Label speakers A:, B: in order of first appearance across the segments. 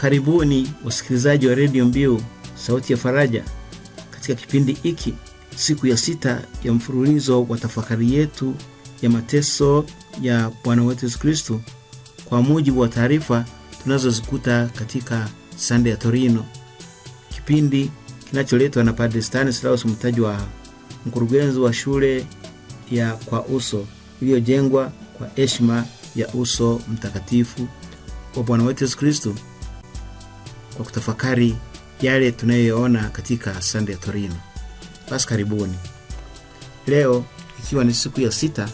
A: Karibuni wasikilizaji wa redio Mbiu sauti ya Faraja katika kipindi hiki, siku ya sita ya mfululizo wa tafakari yetu ya mateso ya Bwana wetu Yesu Kristu kwa mujibu wa taarifa tunazozikuta katika Sande ya Torino, kipindi kinacholetwa na Padre Stanislaus wa mkurugenzi wa shule ya Kwa Uso iliyojengwa kwa heshima ya uso mtakatifu wa Bwana wetu Yesu Kristu kwa kutafakari yale tunayoyaona katika sande ya Torino. Basi karibuni. Leo ikiwa ni siku ya sita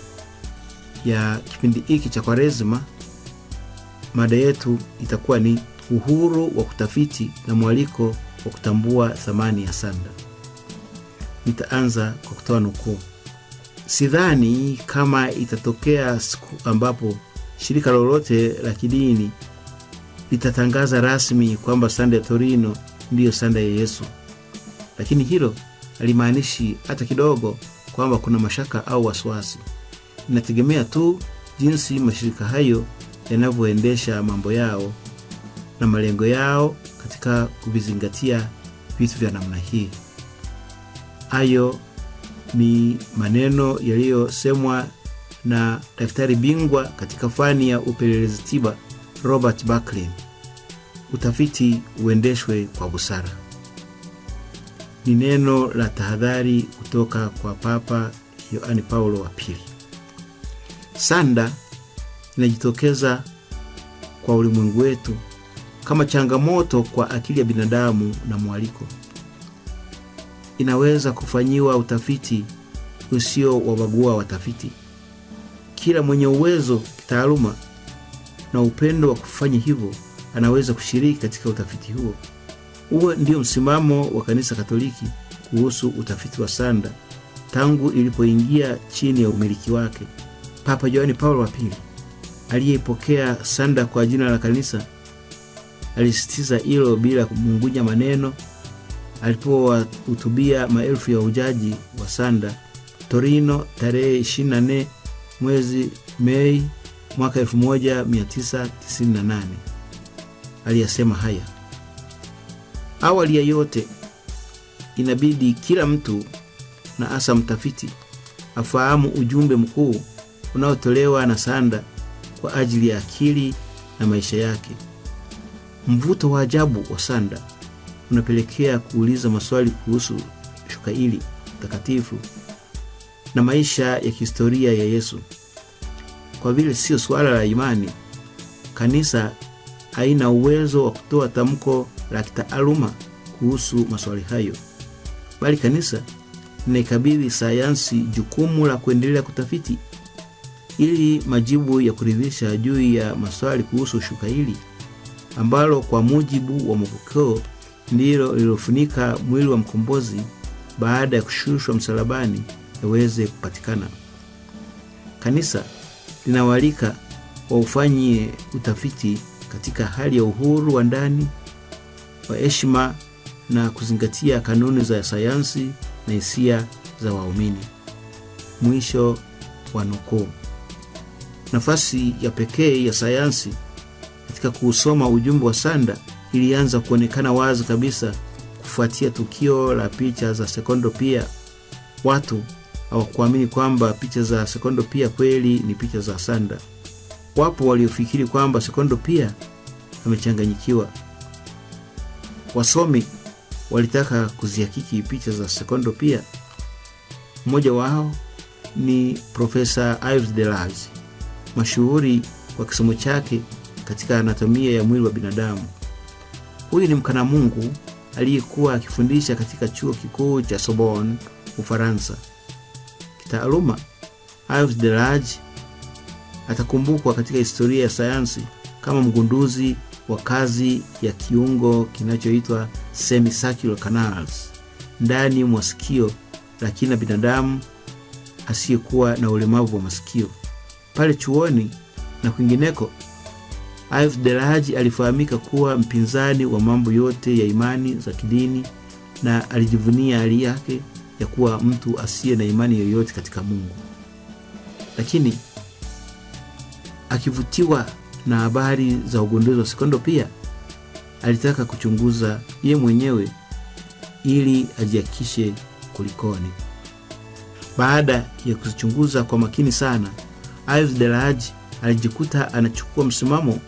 A: ya kipindi hiki cha kwarezma mada yetu itakuwa ni uhuru wa kutafiti na mwaliko wa kutambua thamani ya sanda. Nitaanza kwa kutoa nukuu: sidhani kama itatokea siku ambapo shirika lolote la kidini litatangaza rasmi kwamba sanda ya Torino ndiyo sanda ya Yesu, lakini hilo halimaanishi hata kidogo kwamba kuna mashaka au wasiwasi. Inategemea tu jinsi mashirika hayo yanavyoendesha mambo yao na malengo yao katika kuvizingatia vitu vya namna hii. Hayo ni maneno yaliyosemwa na daktari bingwa katika fani ya upelelezi tiba Robert Bucklin, utafiti uendeshwe kwa busara ni neno la tahadhari kutoka kwa Papa yoani Paulo wa Pili. Sanda inajitokeza kwa ulimwengu wetu kama changamoto kwa akili ya binadamu na mwaliko. Inaweza kufanyiwa utafiti usio wabagua watafiti. Kila mwenye uwezo kitaaluma na upendo wa kufanya hivyo anaweza kushiriki katika utafiti huo. Huo ndiyo msimamo wa Kanisa Katoliki kuhusu utafiti wa sanda tangu ilipoingia chini ya umiliki wake. Papa Yohani Paulo wa Pili aliyeipokea sanda kwa jina la kanisa alisisitiza hilo bila kumungunya maneno alipowahutubia maelfu ya ujaji wa sanda Torino tarehe 24 mwezi Mei mwaka 1998 aliyasema haya: awali ya yote, inabidi kila mtu na hasa mtafiti afahamu ujumbe mkuu unaotolewa na sanda kwa ajili ya akili na maisha yake. Mvuto wa ajabu wa sanda unapelekea kuuliza maswali kuhusu shuka hili takatifu na maisha ya kihistoria ya Yesu kwa vile sio suala la imani. Kanisa haina uwezo wa kutoa tamko la kitaaluma kuhusu maswali hayo, bali kanisa linaikabidhi sayansi jukumu la kuendelea kutafiti ili majibu ya kuridhisha juu ya maswali kuhusu shuka hili ambalo kwa mujibu wa mapokeo ndilo lililofunika mwili wa mkombozi baada ya kushushwa msalabani yaweze kupatikana. Kanisa linawalika waufanyie utafiti katika hali ya uhuru wa ndani wa heshima na kuzingatia kanuni za sayansi na hisia za waumini. Mwisho wa nukuu. Nafasi ya pekee ya sayansi katika kuusoma ujumbe wa sanda ilianza kuonekana wazi kabisa kufuatia tukio la picha za sekondo. Pia watu au kuamini kwamba picha za Sekondo pia kweli ni picha za Sanda. Wapo waliofikiri kwamba Sekondo pia amechanganyikiwa. Wasomi walitaka kuzihakiki picha za Sekondo pia. Mmoja wao ni Profesa Ives Delage, mashuhuri kwa kisomo chake katika anatomia ya mwili wa binadamu. Huyu ni mkanamungu aliyekuwa akifundisha katika chuo kikuu cha Sorbonne, Ufaransa kitaaluma, Alves Delage atakumbukwa katika historia ya sayansi kama mgunduzi wa kazi ya kiungo kinachoitwa semicircular canals ndani mwa sikio la kila binadamu asiyekuwa na ulemavu wa masikio. Pale chuoni na kwingineko, Alves Delage alifahamika kuwa mpinzani wa mambo yote ya imani za kidini na alijivunia hali yake ya kuwa mtu asiye na imani yoyote katika Mungu, lakini akivutiwa na habari za ugondozi wa sekondo pia alitaka kuchunguza ye mwenyewe ili ajiakishe kulikoni. Baada ya kuzichunguza kwa makini sana, Ayubu Delahaji alijikuta anachukua msimamo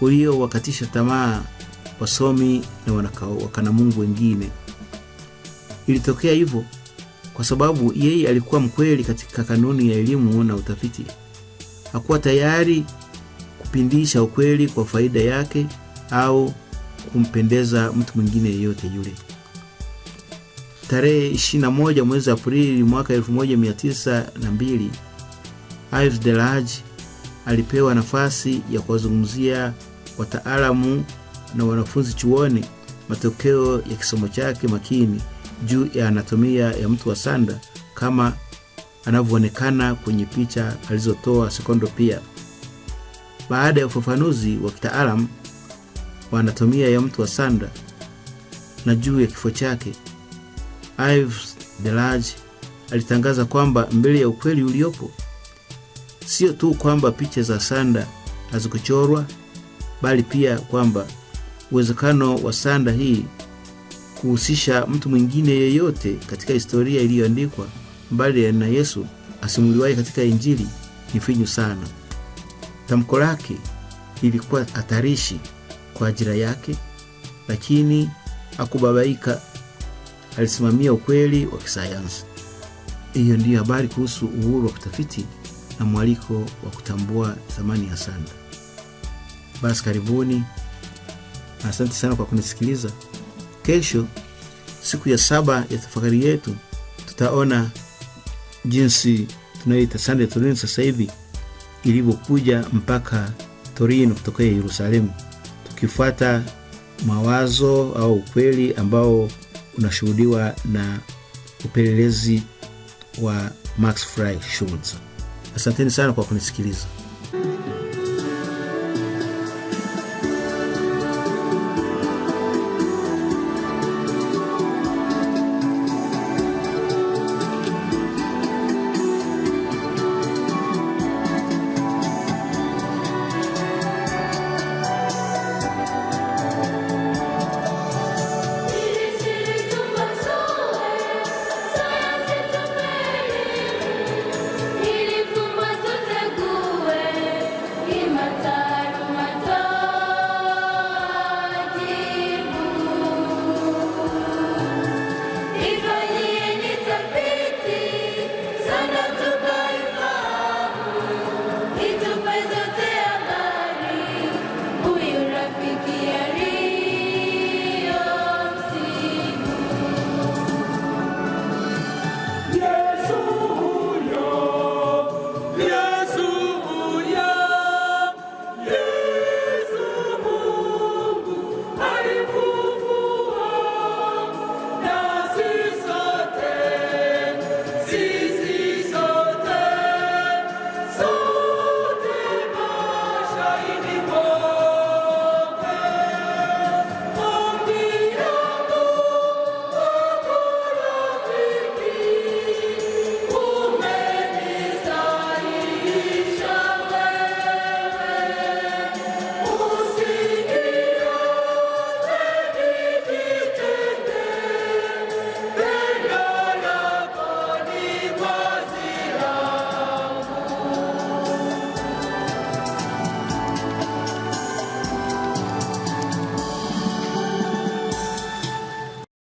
A: uliowakatisha tamaa wasomi na wakanamungu wengine. Ilitokea hivyo kwa sababu yeye alikuwa mkweli katika kanuni ya elimu na utafiti. Hakuwa tayari kupindisha ukweli kwa faida yake au kumpendeza mtu mwingine yeyote yule. Tarehe 21 mwezi Aprili mwaka 1902 Yves delaj alipewa nafasi ya kuwazungumzia wataalamu na wanafunzi chuoni matokeo ya kisomo chake makini juu ya anatomia ya mtu wa sanda kama anavyoonekana kwenye picha alizotoa Sekondo. Pia baada ya ufafanuzi wa kitaalamu wa anatomia ya mtu wa sanda na juu ya kifo chake, Yves Delage alitangaza kwamba mbele ya ukweli uliopo, sio tu kwamba picha za sanda hazikuchorwa, bali pia kwamba uwezekano wa sanda hii kuhusisha mtu mwingine yeyote katika historia iliyoandikwa mbali na Yesu asimuliwaye katika Injili ni finyu sana. Tamko lake lilikuwa hatarishi kwa ajira yake, lakini akubabaika. Alisimamia ukweli wa kisayansi. Hiyo ndiyo habari kuhusu uhuru wa kutafiti na mwaliko wa kutambua thamani ya sanda. Basi karibuni, asante sana kwa kunisikiliza kesho, siku ya saba ya tafakari yetu, tutaona jinsi tunayoita Sande Torino sasa hivi ilivyokuja mpaka Torino kutokea Yerusalemu, tukifuata mawazo au ukweli ambao unashuhudiwa na upelelezi wa Max Fry Schulze. Asanteni sana kwa kunisikiliza.